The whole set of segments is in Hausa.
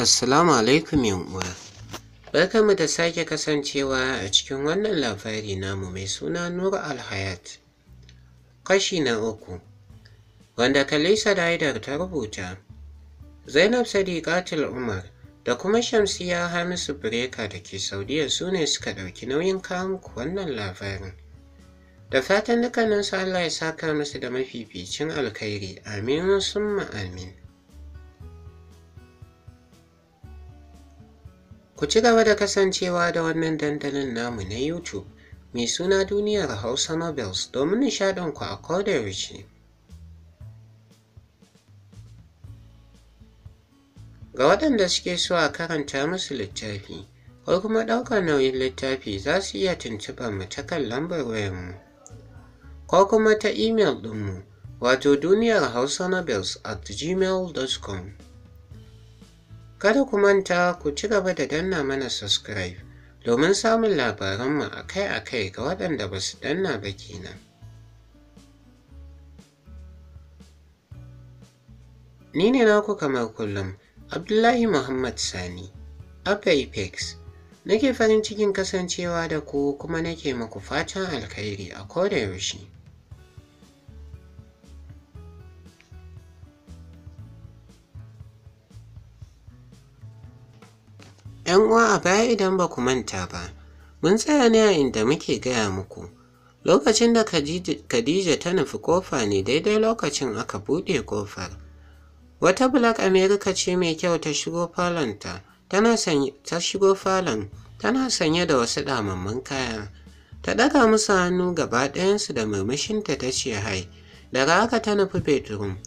Assalamu alaikum uwa. Barkanmu da sake kasancewa a cikin wannan labari namu mai suna Nur Alhayat. Kashi na uku wanda Kalisa Daidar ta rubuta. Zainab Sadiqatul Umar da kuma Shamsiya Hamisu Breka da ke Saudiya su ne suka ɗauki nauyin kawo muku wannan labarin. Da fatan su Allah ya saka musu da mafificin alkhairi amin summa amin. Ku ci gaba da kasancewa da wannan dandalin namu na YouTube mai suna Duniyar Hausa Nobels domin nishaɗinku a kodayaushe. Ga waɗanda suke so a karanta musu littafi, ko kuma ɗaukar nauyin littafi za su iya tuntuɓar mu ta kan lambar wayarmu, ko kuma ta imel ɗinmu, wato duniyar Hausa Nobels at gmail.com. Kada ku manta ku ci gaba da danna mana subscribe domin samun labaranmu akai-akai ga waɗanda ba su danna ba kenan. Ni ne naku kamar kullum, Abdullahi Muhammad Sani, Apex. Nake farin cikin kasancewa da ku kuma nake muku fatan alkhairi a koda yaushe. ‘Yan uwa a baya idan ba ku manta ba, mun tsaya ne a inda muke gaya muku. Lokacin da Khadija ta nufi kofa ne daidai lokacin aka buɗe kofar Wata Black America ce mai kyau ta shigo falonta, ta shigo falon, tana sanye da wasu ɗamammun kaya. Ta ɗaga musu hannu gaba ɗayansu da murmushinta ta ce hai, daga haka ta nufi bedroom.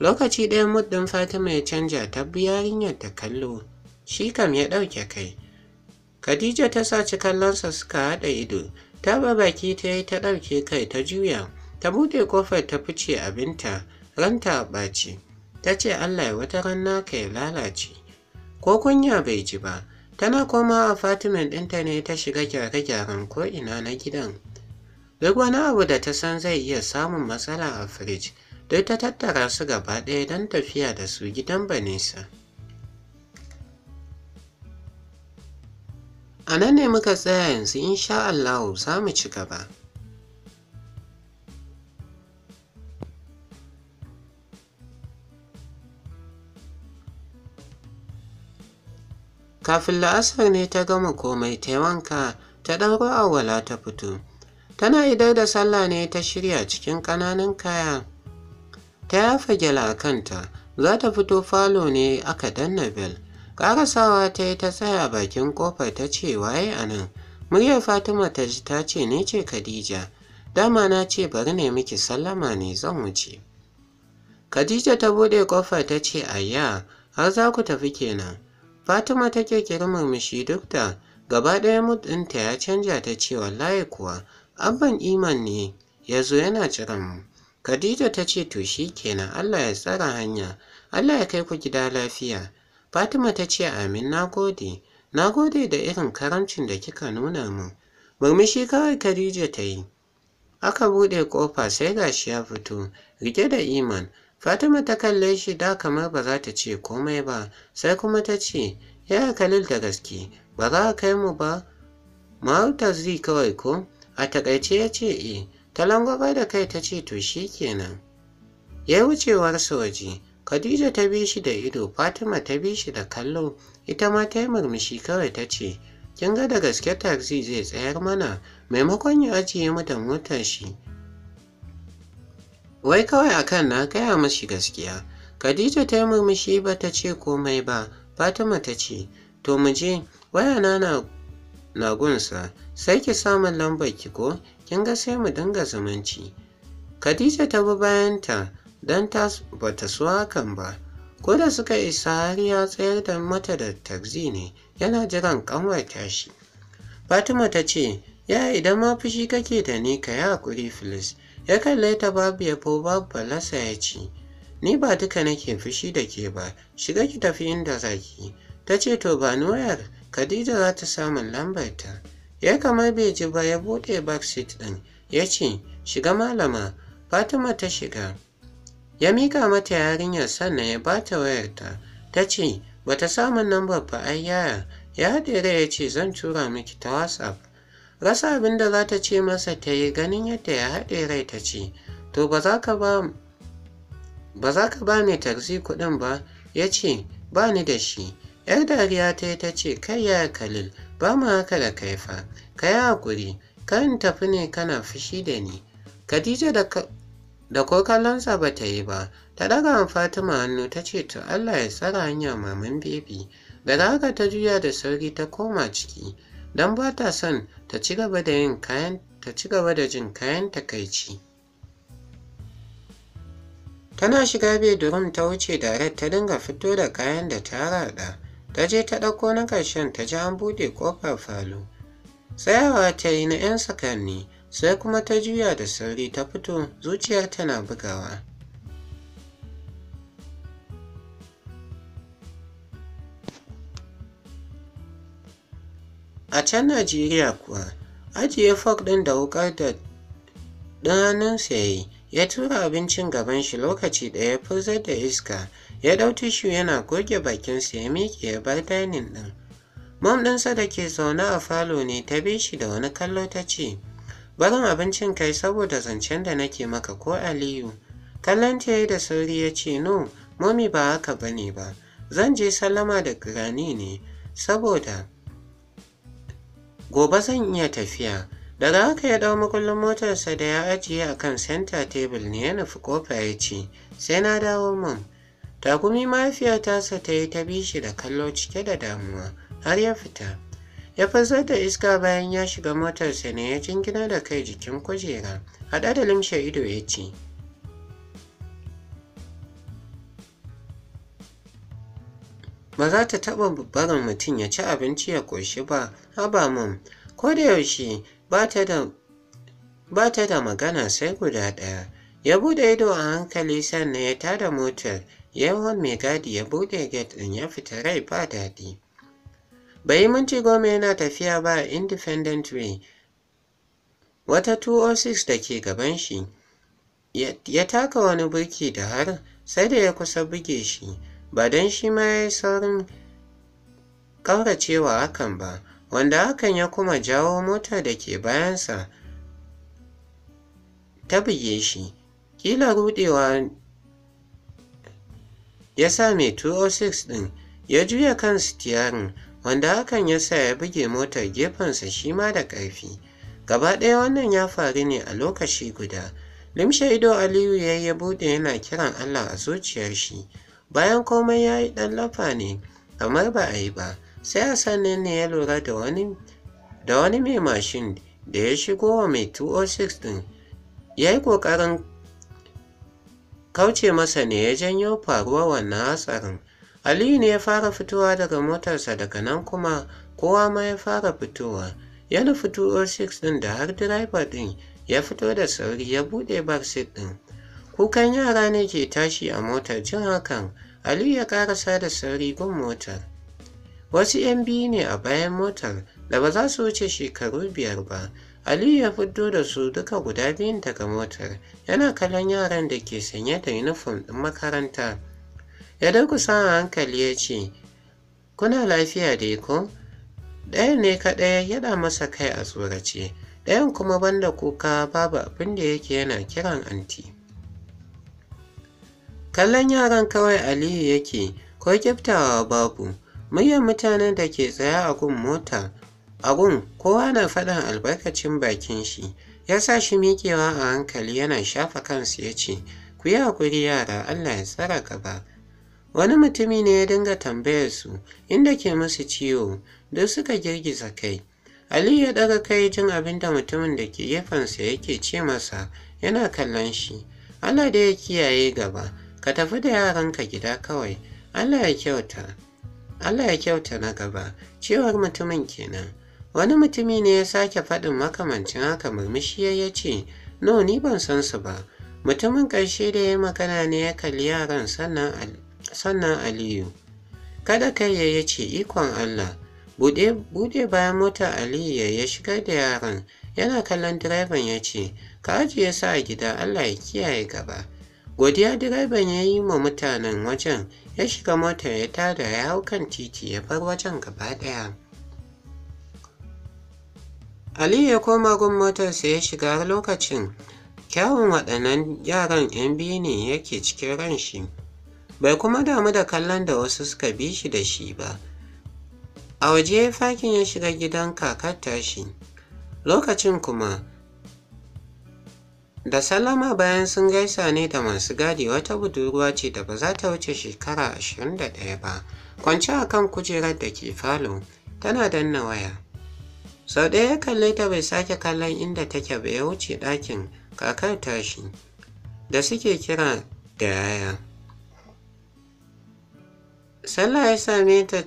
Lokaci ɗaya muddin Fatima ya canja ta bi yarinyar ta kallo. shi kam ya ɗauke kai khadija ta saci kallonsa suka haɗa ido ta ba baki ta yi ta ɗauke kai ta juya ta buɗe ƙofar ta fice abinta ranta ɓaci ta ce allah ya wata ranna ka ya lalace ko kunya bai ji ba tana koma fatimin ɗinta ne ta shiga gyare-gyaren ko'ina na gidan duk wani abu da ta san zai iya samun matsala a firij duk ta tattara su gaba ɗaya don tafiya da su gidan banisa. A nan ne muka tsaya yanzu insha Allahu za mu ci gaba. Kafin la'asar ne ta gama komai ta wanka ta ɗauro awwala ta fito. Tana idar da sallah ne ta shirya cikin ƙananan kaya. Ta yafa gyala a kanta, za ta fito falo ne aka danna bel. Ƙarasawa ta yi ta tsaya bakin kofar ta ce waye a nan. Muryar Fatima ta ji ta ce ni ce Khadija. Dama na ce bari ne miki sallama ne zan wuce. Khadija ta buɗe ƙofar ta ce ayya har za ku tafi kenan. Fatima ta kirkiri murmushi duk da gaba ɗaya mudinta ya canja ta ce wallahi kuwa abban iman ne ya zo yana jiran mu. Khadija ta ce to shi kenan Allah ya tsara hanya, Allah ya kai ku gida lafiya. Fatima ta ce amin na gode, na gode da irin karamcin da kika nuna min. Murmushi kawai Khadija ta yi. Aka buɗe kofa sai gashi ya fito, rike da iman. Fatima ta kalle shi da kamar ba za ta ce komai ba, sai kuma ta ce, ya Khalil da gaske, ba za a kai mu ba? Mahautar zi kawai ko? A takaice ya ce e, ta langwaba da kai ta ce to shi kenan. Ya wucewar waje, Khadija ta bi shi da ido, Fatima ta bi shi da kallo, ita ma ta yi murmushi kawai ta ce, Kin ga da gaske taxi zai tsayar mana maimakon ya ajiye mata motar shi. Wai kawai akan na gaya mashi gaskiya. Khadija ta yi murmushi ba ta ce komai ba, Fatima ta ce, To mu je, wayana na na gunsa, sai ki samun lambar ki ko, kin ga sai mu dinga zumunci. Khadija ta bi bayanta, don ta bata so hakan ba ko da suka isa har ya tsayar da mata da tagzi ne yana jiran kanwar tashi fatima ta ce ya idan ma fushi kake da ni ka yi hakuri filis ya kalle ta babu yabo babu balasa ya ce ni ba duka nake fushi da ke ba shiga ki tafi inda zaki ta ce to ba wayar khadija za ta samun lambarta ya kamar bai ji ba ya buɗe backseat ɗin ya ce shiga malama fatima ta shiga ya mika mata yarinyar sannan ya ba ta wayarta ta ce "Bata ta samun lambar ba ai yaya ya haɗe rai ya ce zan tura miki ta whatsapp rasa abin da za ta ce masa ta yi ganin yadda ya haɗe rai ta ce to ba za ka ba ba za mai tarzi kuɗin ba ya ce ba ni da shi yar dariya ta yi ta ce kai ya kalil ba mu haka da kaifa ka yi haƙuri kan tafi ne kana fushi da ni khadija da da ko kallonsa ba ta yi ba ta daga fatima hannu ta ce to allah ya tsara hanya maman bebi da haka ta juya da sauri ta koma ciki don ba ta son ta ci gaba da yin kayan ta ci gaba da jin kayan takaici tana shiga bedroom ta wuce da ta dinga fito da kayan da ta rada ta je ta ɗauko na ƙarshen ta ji an buɗe ƙofar falo tsayawa ta yi na 'yan sakanni sai kuma ta juya da sauri ta fito zuciyar tana bugawa a can najeriya kuwa ajiye fok ɗin da wuƙar da ɗanansa ya yi ya tura abincin gaban shi lokaci da ya furzar da iska ya ɗau tishu yana goge bakinsa ya miƙe ya bar dainin ɗin mom ɗinsa da ke zaune a falo ne ta bi shi da wani kallo ta ce barin abincin kai saboda zancen da nake maka ko aliyu kallon ta da sauri ya ce no momi ba haka ba ne ba zan je Salama da kirani ne saboda gobe zan iya tafiya daga haka ya ɗau makullin motarsa da ya ajiye a kan senta tebul ne ya nufi kofa ya ce sai na dawo min takumi mahaifiyar tasa ta yi ta bishi da kallo cike da damuwa har ya fita ya fansar da iska bayan ya shiga motarsa ne ya jingina da kai jikin kujera haɗa da limshe ido ya ce ba za ta taɓa barin mutum ya ci abinci ya ƙoshi ba haba mun. ko da yaushe ba ta da magana sai guda ɗaya ya buɗe ido a hankali sannan ya tada motar yawon mai gadi ya buɗe gate ɗin ya fita rai ba daɗi Bai yi minti goma yana tafiya ba a Independent Way, wata 206 da ke gaban shi. Ya taka wani birki da har sai da ya kusa buge shi, ba don shi ma ya yi saurin ƙauracewa hakan ba, wanda hakan ya kuma jawo mota da ke bayansa ta buge shi. Kila rudewa ya sa mai 206 ɗin ya juya kan sitiyarin wanda hakan ya sa ya buge motar gefensa shi ma da ƙarfi. Gaba ɗaya wannan ya faru ne a lokaci guda. Limshe Aliyu ya ya buɗe yana kiran Allah a zuciyar shi. Bayan komai ya yi ɗan lafa ne, kamar ba a yi ba, sai a Hassan ne ya lura da wani mai mashin da ya shigo wa mai 206 ɗin. Ya yi ƙoƙarin kauce masa ne ya janyo faruwa, wannan hatsarin. Aliyu ne ya fara fitowa daga motarsa daga nan kuma kowa ma ya fara fitowa. Ya nufi 206 ɗin da har direba ɗin ya fito da sauri ya buɗe bar seat ɗin. Kukan yara ne ke tashi a motar jin hakan Aliyu ya karasa da sauri gun motar. Wasu 'yan biyu ne a bayan motar da ba za su wuce shekaru biyar ba. Aliyu ya fito da su duka guda biyun daga motar yana kallon yaran da ke sanye da yunifom ɗin makaranta. ya dakusa a hankali ya ce kuna lafiya dai ko ɗayan ne kaɗai ya ɗa masa kai a tsorace ɗayan kuma banda kuka babu abin da yake yana kiran anti kallon yaran kawai aliyu yake ko kyaftawa babu manyan mutanen da ke tsaye a gun mota a gun kowa na faɗin albarkacin bakin shi ya sa shi miƙewa a hankali yana shafa kansu ya ce ku yi haƙuri yara allah ya tsara gaba Wani mutumi ne ya dinga tambayar su inda ke musu ciwo, duk suka girgiza kai. Aliyu ya ɗaga kai jin abin da mutumin da ke gefensa yake ce masa yana kallon shi. Allah da ya kiyaye gaba, ka tafi da yaranka gida kawai, Allah ya kyauta. Allah ya kyauta na gaba, cewar mutumin kenan. Wani mutumi ne ya sake faɗin makamancin haka murmushi ya ce, No, ni ban san su ba. Mutumin ƙarshe da ya magana ne ya kalli yaran sannan sannan Aliyu. Kada kai ya ce ikon Allah, buɗe bayan mota Aliyu ya shiga da yaran, yana kallon direban ya ce, ka ajiye sa a gida Allah ya kiyaye gaba. Godiya direban ya yi ma mutanen wajen ya shiga mota ya tada ya hau kan titi ya bar wajen gaba ɗaya. Aliyu ya koma gun motarsa ya shiga har lokacin kyawun waɗannan yaran 'yan biyu ne yake cikin ran shi. bai kuma damu da kallon da wasu suka bi shi da shi ba a waje ya fakin ya shiga gidan kakar tashi lokacin kuma da salama bayan sun gaisa ne da masu gadi wata budurwa ce da ba za ta wuce shekara 21 ba kwanci a kan kujerar da ke falo tana danna waya sau ɗaya ya kalle ta bai sake kallon inda take bai ya wuce ɗakin kakar tashi da suke kira da yaya sallah ya same ta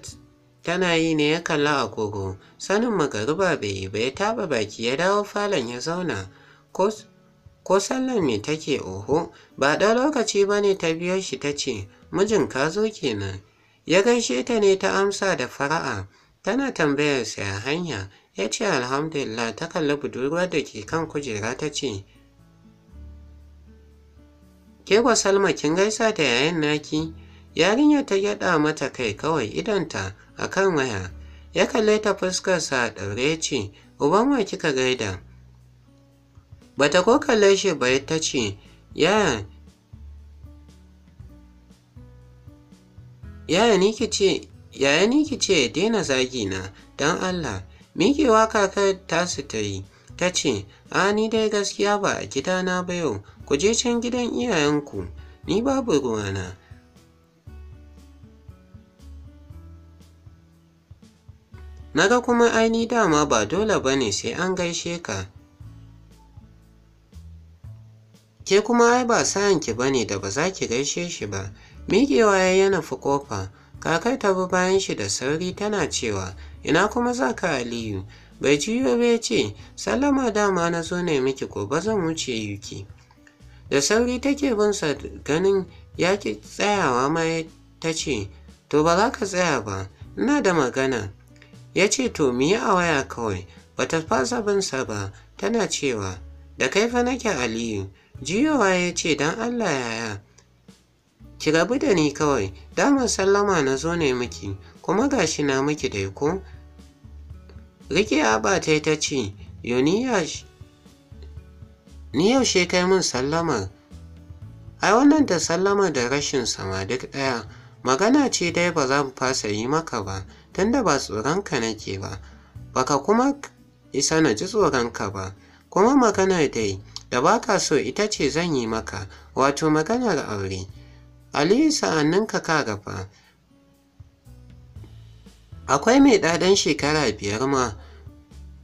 tana yi ne ya kalla agogo sanin magariba bai yi ba ya taba baki ya dawo falon ya zauna ko sallar me take oho ba ɗan lokaci ba ne ta biyo shi ta ce mijin ka zo kenan ya gaishe ta ne ta amsa da fara'a tana tambayar ya hanya ya ce alhamdulillah ta kalli budurwar da ke kan kujera ta ce ke salma kin gaisa da yayin naki Yarinyar ta gyaɗa mata kai kawai idonta a kan waya, ya kalle ta fuskarsa a ɗaure ce, Uban wa kika gaida? Bata ko kalle shi ba ta ce, Yaya, yaya ni ki ce, daina zagi na don Allah, miƙewa kakar tasu ta yi, ta ce, A ni dai gaskiya ba a gidana ba yau, ku je can gidan iyayenku, ni babu ruwana. Na ga kuma aini dama ba dole ba ne sai an gaishe ka. Ke kuma ai ba sayanki ba ne da ba za ki gaishe shi ba, miƙewa ya yana fi ƙofa, kakar ta bi bayan shi da sauri tana cewa, ina kuma za ka Aliyu, bai juyo ba ya ce, Salama dama na zo ne miki gobe zan wuce yuki. Da sauri take binsa ganin ya ki tsayawa ma ta ce, to ba za ka tsaya ba, ina da magana. ya ce to mu a waya kawai ba bata fasa binsa ba tana cewa da kai fa nake aliyu jiyowa ya ce don allah yaya ki rabu da ni kawai damar sallama na zo ne miki kuma gashi na miki dai ko rike abatai ta ta ce yoniyash ni yaushe kai min sallamar ai wannan ta sallama da rashin sama duk ɗaya magana ce dai ba za mu fasa yi maka ba tunda ba tsoronka nake ba baka kuma isa na ji tsoronka ba kuma maganar dai da baka so ita ce zan yi maka wato maganar aure aliyu sa'annin ka gaba akwai mai ɗaɗan shekara biyar ma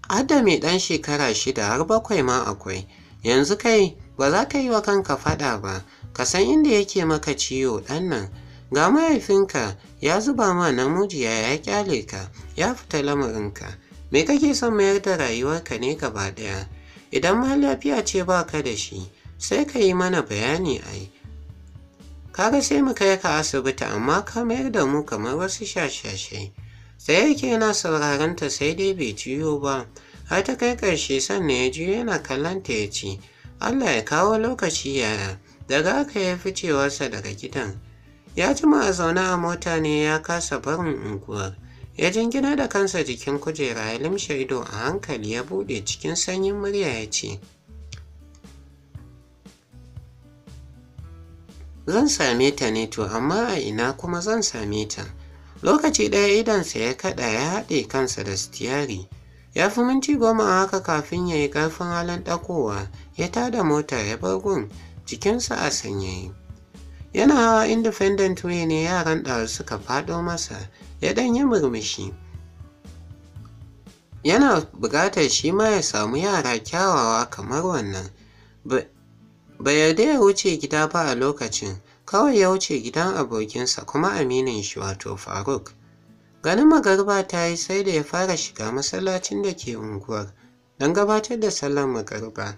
adda mai ɗan shekara shida har bakwai ma akwai yanzu kai ba za ka yi wa kanka faɗa ba ka san inda yake maka ciwo ɗan nan ga mahaifinka ya zuba ma namiji ya kyale ka ya fita lamarinka me kake son mayar da rayuwarka ne gaba ɗaya idan ma lafiya ce ba ka da shi sai ka yi mana bayani ai kaga sai mu kai ka asibiti amma ka mayar da mu kamar wasu shashashe sai yake yana sauraron ta sai dai bai juyo ba har ta kai ƙarshe sannan ya juyo yana kallon ta ya ce Allah ya kawo lokaci yara daga haka ya fi cewarsa daga gidan Ya jima a zaune a mota ne ya kasa barin unguwar. Ya jingina da kansa jikin kujera ya limshe ido a hankali ya buɗe cikin sanyin murya ya ce, Zan same ta ne to amma a ina kuma zan same ta. Lokaci ɗaya idonsa ya kaɗa ya haɗe kansa da sitiyari. Ya fi minti goma a haka kafin ya yi ƙarfin halin ɗakowa ya tada mota ya bar gun jikinsa a sanyayi yana hawa independent way ne yaran da suka faɗo masa ya ɗan yi murmushi yana buƙatar shi ma ya samu yara kyawawa kamar wannan ba yarda ya wuce gida ba a lokacin kawai ya wuce gidan abokinsa kuma aminin shi wato faruk ganin magarba ta yi sai da ya fara shiga masallacin da ke unguwar don gabatar da sallar magarba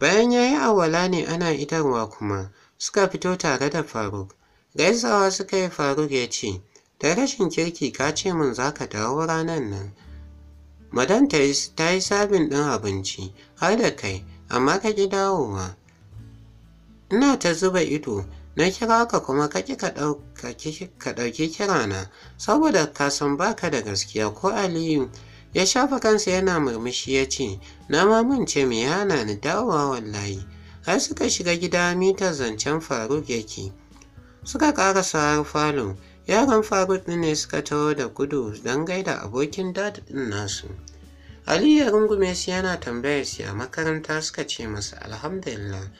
bayan ya yi awala ne ana idarwa kuma suka fito tare da Faruk. Gaisawa suka yi Faruk ya ce, Da rashin kirki ka ce min za ka dawo ranar nan. Madan ta yi sabin ɗin abinci har da kai, amma ka ƙi dawowa. Ina ta zuba ido, na kira ka kuma ka ƙi ka ɗauki kirana, saboda ka san baka da gaskiya ko Aliyu. Ya shafa kansa yana murmushi ya ce, Na ce me yana ni dawowa wallahi. har suka shiga gida mitar zancen faruk yake suka ƙara sahar falo yaran faruk ɗin ne suka taho da gudu don gaida abokin dad ɗin nasu aliyu ya rungume su yana tambayar su a makaranta suka ce masa alhamdulillah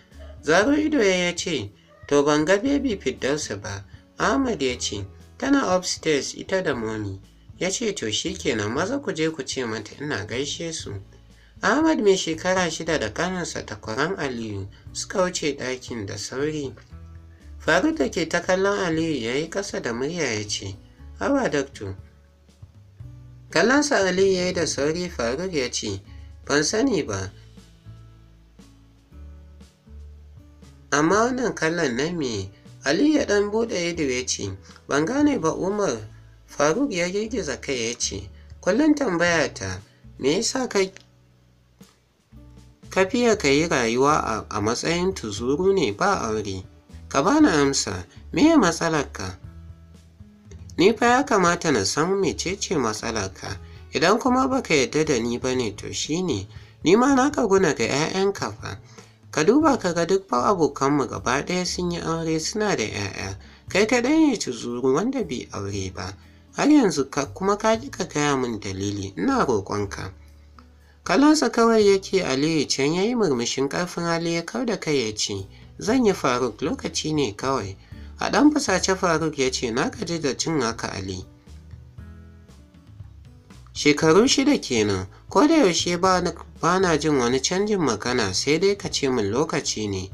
zaro ido ya ce to ban ga baby fiddarsa ba ahmad ya ce tana upstairs ita da momi ya ce to shikenan maza ku je ku ce mata ina gaishe su Ahmad mai shekara shida da ta kwaran Aliyu suka wuce ɗakin da sauri. faru da ke ta kallon Aliyu ya yi ƙasa da murya ya ce, Hawa dakto. Kallonsa Aliyu ya yi da sauri faru ya ce, Ban sani ba, amma wannan kallon na me Aliyu ya ɗan buɗe ido ya ce, Ban gane ba Umar, Faruk ya girgiza kai ya ce, Kullum tambayata, ta, me yasa kai ka ka yi rayuwa a matsayin tuzuru ne ba aure ka bani amsa me ya matsalarka ni fa ya kamata na san mecece matsalarka idan kuma baka yarda da ni bane to shine ni ma na guna ga 'ya'yanka fa ka duba ka ga duk abokanmu gaba ɗaya sun yi aure suna da 'ya'ya kai kaɗai ne tuzuru wanda bai aure ba har yanzu kuma ka ka gaya min dalili ina roƙonka kallonsa kawai yake aliyu can ya yi murmushin ƙarfin hali ya kau da kai ya ce zan yi faruk lokaci ne kawai a ɗan fusace faruk ya ce na gaji da cin haka ali shekaru shida kenan ko da yaushe ba na jin wani canjin magana sai dai ka ce min lokaci ne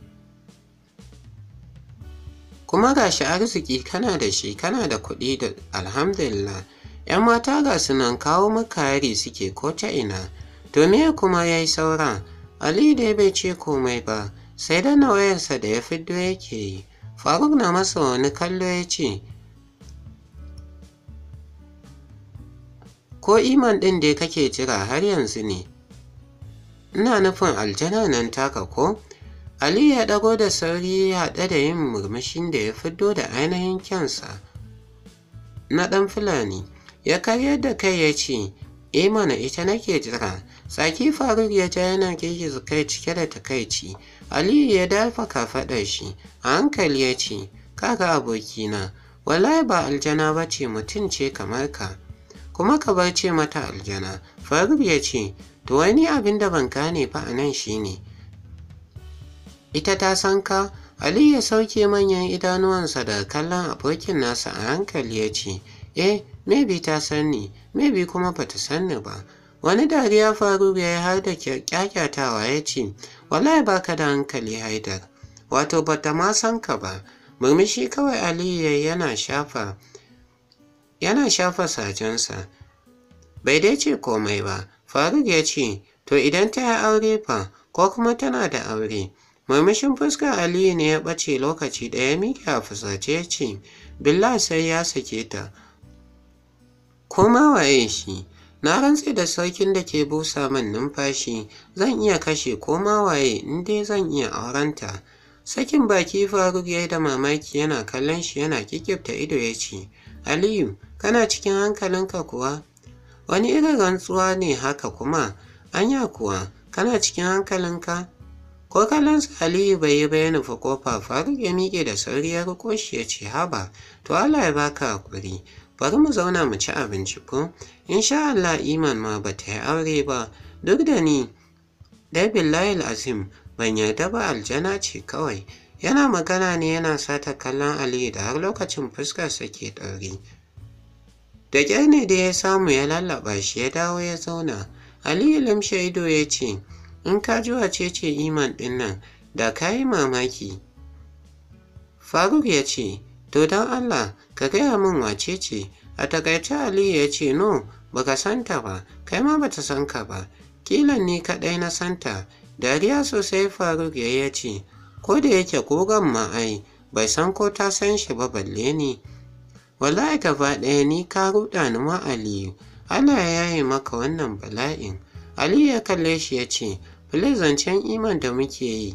kuma ga shi arziki kana da shi kana da kuɗi da alhamdulillah 'yan mata ga sunan kawo maka yari suke ko ta ina to me kuma ya yi sauran ali dai bai ce komai ba sai da na wayarsa da ya fiddo yake yi faruk na masa wani kallo ya ce ko iman ɗin dai kake jira har yanzu ne ina nufin aljana nan taka ko ali ya ɗago da sauri ya haɗe da yin murmushin da ya fiddo da ainihin kyansa na ɗan fulani ya karyar da kai ya ce Imana eh ita nake jira Saki Faruk ya ta yana girgiza kai cike da takaici. Aliyu ya dafa faɗa shi, a hankali ya ce, Kaka abokina, wallahi ba aljana ba ce mutum ce kamar ka. Kuma ka bar ce mata aljana, Faruk ya ce, to wani abin da ban gane fa a nan shi ne. Ita ta san ka, Aliyu ya sauke manyan idanuwansa daga kallon abokin nasa a hankali ya ce, eh, maybe ta san ni, maybe kuma bata san ni ba. wani dariya faru ya yi har da kyakkyatawa ya ce wallahi baka da hankali haidar wato bata ma san ka ba murmushi kawai aliyu yana shafa yana shafa sajensa bai dai ce komai ba faruk ya ce to idan ta yi aure fa ko kuma tana da aure murmushin fuskar aliyu ne ya ɓace lokaci ɗaya miƙe a fusace ya ce billah sai ya sake ta kuma waye shi Na rantse da sarkin da ke busa min numfashi, zan iya kashe ko ma waye in dai zan iya aurenta. Sakin baki Faruk ya da mamaki yana kallon shi yana kikifta ido ya ce, Aliyu, kana cikin hankalinka kuwa? Wani irin rantsuwa ne haka kuma, anya kuwa, kana cikin hankalinka? Ko kallon su Aliyu bai yi bayanin fa kofa Faruk ya miƙe da sauri ya riko shi ya ce haba, to Allah ya baka hakuri, bari mu zauna mu ci abinci ko sha Allah iman ma ba ta yi aure ba duk da ni dai billahi azim ban yarda ba aljana ce kawai yana magana ne yana sata kallon aliyu da har lokacin fuskarsa ke ɗauri da ƙyar ne da ya samu ya lallaɓa shi ya dawo ya zauna aliyu limshe ido ya ce in ka ji wace ce iman ɗin nan da ka yi mamaki faruk ya ce To don Allah ka gaya min wace ce, a takaice Aliyu ya ce no baka santa ba, kai ma bata san ka ba, kilan ni kaɗai na santa, dariya sosai Faruk ya ya ce, ko da yake kogon ma ai, bai san ko ta san shi ba balle ni. Wallahi gaba ɗaya ni ka ruɗa ni ma Aliyu, Allah ya yi maka wannan bala'in. Aliyu ya kalle shi ya ce, Filin zancen iman da muke yi,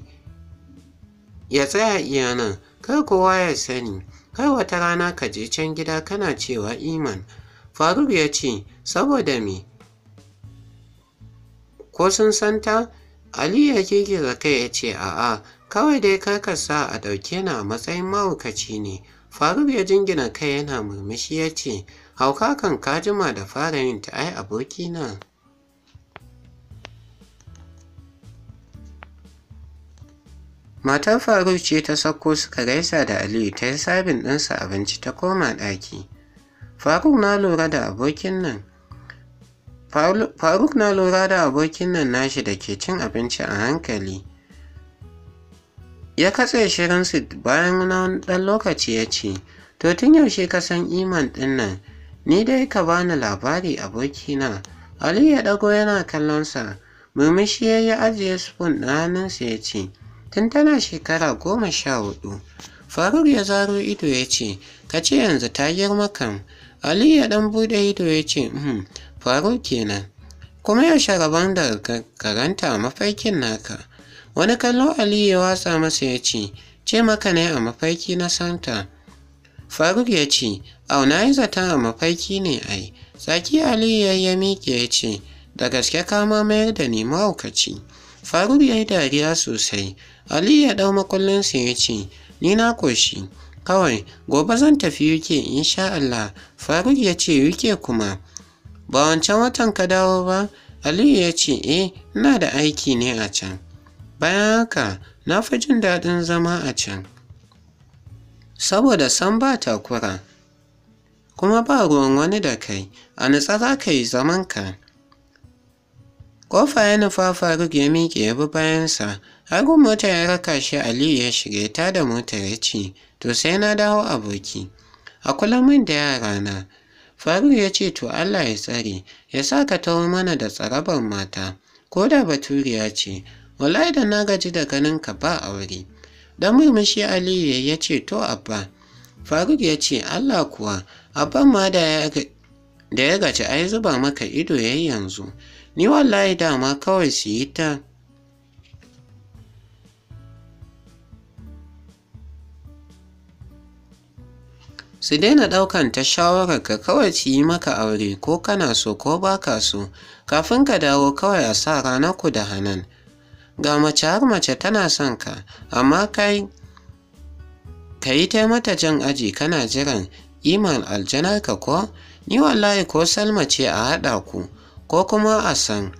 ya tsaya iya nan, kar kowa ya sani. kai wata rana ka je can gida kana cewa iman faruk ya ce saboda me ko sun santa ali ya girgiza kai ya ce a'a kawai dai karka sa a ɗauke na a matsayin mahaukaci ne faruk ya jingina kai yana murmushi ya ce hauka kan ka jima da fara yin ta ai abokina Matar Faruk ce ta sako suka gaisa da Aliyu ta yi sabin ɗinsa abinci ta koma ɗaki. Faruk na lura da abokin nan. nashi da ke cin abinci a hankali. Ya katse shirinsu bayan na ɗan lokaci ya ce, To tun yaushe ka san iman ɗin nan, ni dai ka bani labari abokina. Aliyu ya ɗago yana kallonsa, murmushi ya yi ajiye spoon na hannunsa ya ce, tun tana shekara goma sha hudu. Faruk ya zaro ido ya ce, ka ce yanzu ta girma kan. Ali ya ɗan bude ido ya ce, hmm, Faruk kenan. Kuma yaushe rabon da karanta mafarkin naka. Wani kallo Ali ya watsa masa ya ce, ce maka ne a mafarki na Santa. Faruk ya ce, auna yi zaton a mafarki ne ai. zaki Ali ya ya miƙe ya ce, da gaske kama mayar da ni mahaukaci. Faruk ya yi dariya sosai, Ali ya ɗau makullinsa ya ce, Ni na koshi, kawai gobe zan tafi UK insha Allah, Faruk ya ce UK kuma. Ba wancan watan ka dawo ba, Aliyu ya ce, Eh, ina da aiki ne a can. Bayan haka, na fi jin daɗin zama a can. Saboda san ba takura, kuma ba ruwan wani da kai, a nutsa za ka yi zamanka. Kofa ya nufa Faruk ya miƙe ya bi bayansa, Hagun mota ya raka shi Aliyu ya shiga ta da mota ya ce, To sai na dawo aboki. A kula min da yarana. Faru ya ce to Allah ya tsare, ya sa ka taho mana da tsarabar mata, ko da baturi ya ce, wallahi da na gaji da ganin ka ba aure. Dan murmushi Aliyu ya ce to abba. Faruk ya ce Allah kuwa, abban ma da ya gaji ai zuba maka ido yayi yanzu. Ni wallahi dama kawai su yi ta. su daina ɗaukan ta shawarar ka kawai ci yi maka aure ko kana so ko baka so kafin ka dawo kawai a sa rana ku da hanan ga mace har mace tana son ka amma kai ka yi ta mata jan aji kana jiran iman aljana ka ko ni wallahi ko salma ce a haɗa ku ko kuma a san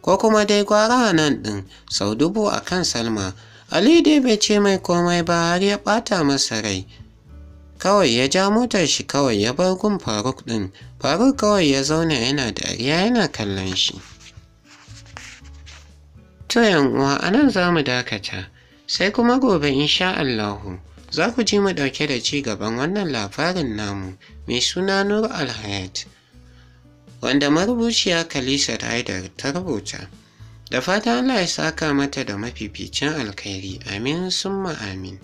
ko kuma dai gwara nan ɗin sau dubu a kan salma ali dai bai ce mai komai ba har ya ɓata masa rai kawai ya ja motar shi kawai ya bar gun faruk ɗin faruk kawai ya zauna yana dariya yana kallon shi to uwa a nan za mu dakata sai kuma gobe insha allahu za ku ji mu ɗauke da ci gaban wannan labarin namu mai suna nur alhayat wanda marubuciya kalisa haidar ta rubuta da fata allah ya saka mata da mafificin alkhairi amin summa amin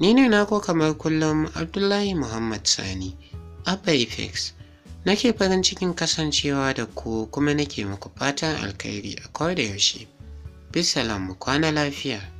Ni ne nako kamar kullum Abdullahi Muhammad Sani, Abba Effects. Nake farin cikin kasancewa da ku kuma nake muku fatan alkhairi a koda yaushe. Bisalam kwana lafiya.